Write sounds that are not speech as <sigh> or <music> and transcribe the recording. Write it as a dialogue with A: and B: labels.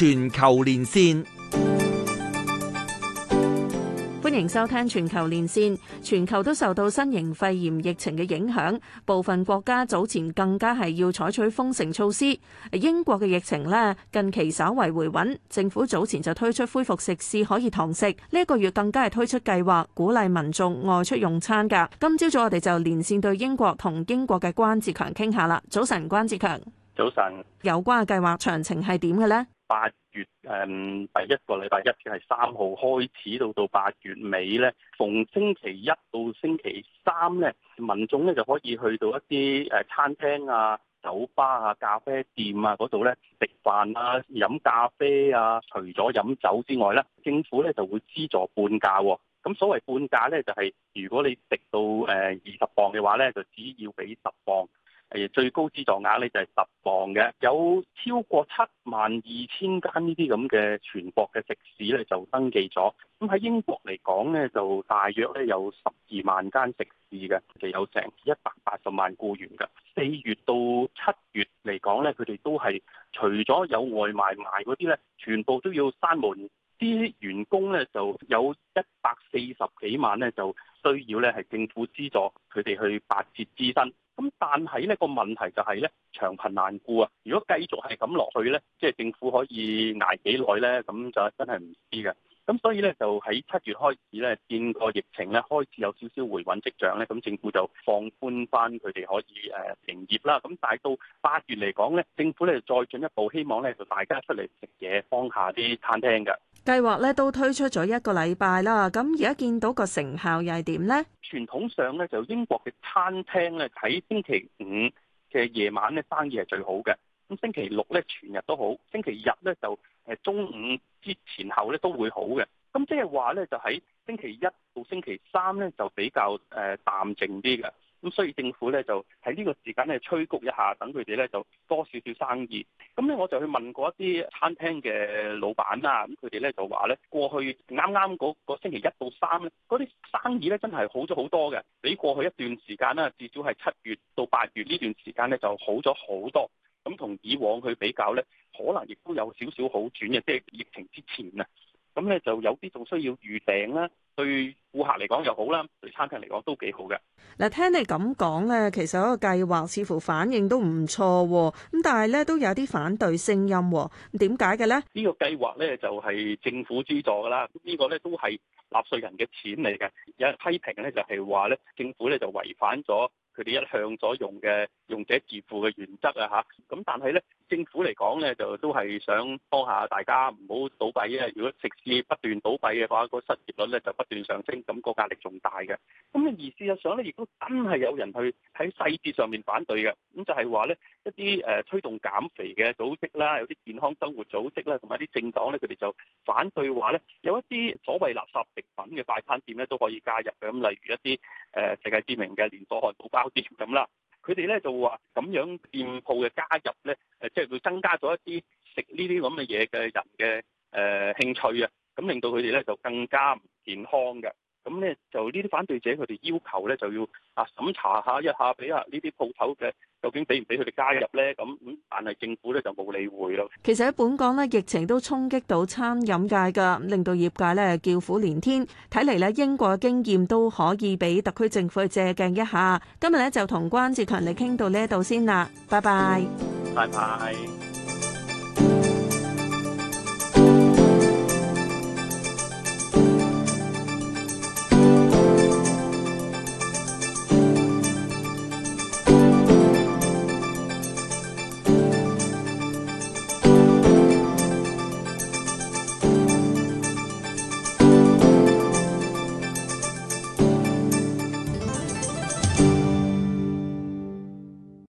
A: 全球連線，歡迎收聽全球連線。全球都受到新型肺炎疫情嘅影響，部分國家早前更加係要採取封城措施。英國嘅疫情呢近期稍為回穩，政府早前就推出恢復食肆可以堂食。呢一個月更加係推出計劃，鼓勵民眾外出用餐。噶，今朝早我哋就連線對英國同英國嘅關志強傾下啦。早晨，關志強。
B: 早晨。
A: 有關嘅計劃詳情係點嘅呢？
B: 八月誒、嗯、第一個禮拜一嘅係三號開始到到八月尾呢，逢星期一到星期三呢，民眾呢，就可以去到一啲誒餐廳啊、酒吧啊、咖啡店啊嗰度呢食飯啊、飲咖啡啊，除咗飲酒之外呢，政府呢就會資助半價喎、啊。咁所謂半價呢，就係、是、如果你食到誒二十磅嘅話呢，就只要俾十磅。誒，最高資助額咧就係十磅嘅，有超過七萬二千間呢啲咁嘅全國嘅食肆咧就登記咗。咁喺英國嚟講咧，就大約咧有十二萬間食肆嘅，就有成一百八十萬雇員㗎。四月到七月嚟講咧，佢哋都係除咗有外賣賣嗰啲咧，全部都要閂門。啲員工咧就有一百四十幾萬咧，就需要咧係政府資助佢哋去八折支薪。咁但係呢個問題就係咧長貧難顧啊！如果繼續係咁落去咧，即係政府可以捱幾耐咧？咁就真係唔知嘅。咁所以咧就喺七月開始咧，見個疫情咧開始有少少回穩跡象咧，咁政府就放寬翻佢哋可以誒營業啦。咁但係到八月嚟講咧，政府咧就再進一步希望咧就大家出嚟食嘢，幫下啲餐廳嘅
A: 計劃咧都推出咗一個禮拜啦。咁而家見到個成效又係點咧？
B: 傳統上咧就英國嘅餐廳咧，喺星期五嘅夜晚咧生意係最好嘅，咁星期六咧全日都好，星期日咧就誒中午之前後咧都會好嘅，咁即係話咧就喺星期一到星期三咧就比較誒淡靜啲嘅。咁所以政府咧就喺呢個時間咧催谷一下，等佢哋咧就多少少生意。咁咧我就去問過一啲餐廳嘅老闆啦，咁佢哋咧就話咧，過去啱啱嗰個星期一到三咧，嗰啲生意咧真係好咗好多嘅，比過去一段時間啦，至少係七月到八月呢段時間咧就好咗好多。咁同以往去比較咧，可能亦都有少少好轉嘅，即係疫情之前啊。咁咧就有啲仲需要預訂啦。對顧客嚟講又好啦，對餐廳嚟講都幾好嘅。
A: 嗱，聽你咁講咧，其實個計劃似乎反應都唔錯，咁但係咧都有啲反對聲音，咁點解嘅咧？呢
B: 個計劃咧就係政府資助噶啦，呢個咧都係納稅人嘅錢嚟嘅。有人批評咧就係話咧，政府咧就違反咗。佢哋一向所用嘅用者自負嘅原則啊嚇，咁但係咧政府嚟講咧就都係想幫下大家唔好倒閉啊！如果食肆不斷倒閉嘅話，個失業率咧就不斷上升，咁個壓力仲大嘅。咁、啊、而事實上咧，亦都真係有人去喺細節上面反對嘅，咁、啊、就係話咧一啲誒、呃、推動減肥嘅組織啦，有啲健康生活組織啦，同埋啲政黨咧，佢哋就反對話咧有一啲所謂垃圾食品嘅快餐店咧都可以加入嘅，咁、啊、例如一啲誒、呃、世界知名嘅連鎖漢堡爆店咁啦，佢哋咧就話咁樣店鋪嘅加入咧，誒， <music> 即係會增加咗一啲食呢啲咁嘅嘢嘅人嘅誒興趣啊，咁令到佢哋咧就更加唔健康嘅。 <music> 咁咧就呢啲反對者，佢哋要求咧就要啊審查下一下俾下呢啲鋪頭嘅究竟俾唔俾佢哋加入咧？咁咁，但係政府咧就冇理會咯。
A: 其實喺本港咧，疫情都衝擊到餐飲界㗎，咁令到業界咧叫苦連天。睇嚟咧，英國嘅經驗都可以俾特區政府去借鏡一下。今日咧就同關志強嚟傾到呢一度先啦，拜拜，
B: 拜拜。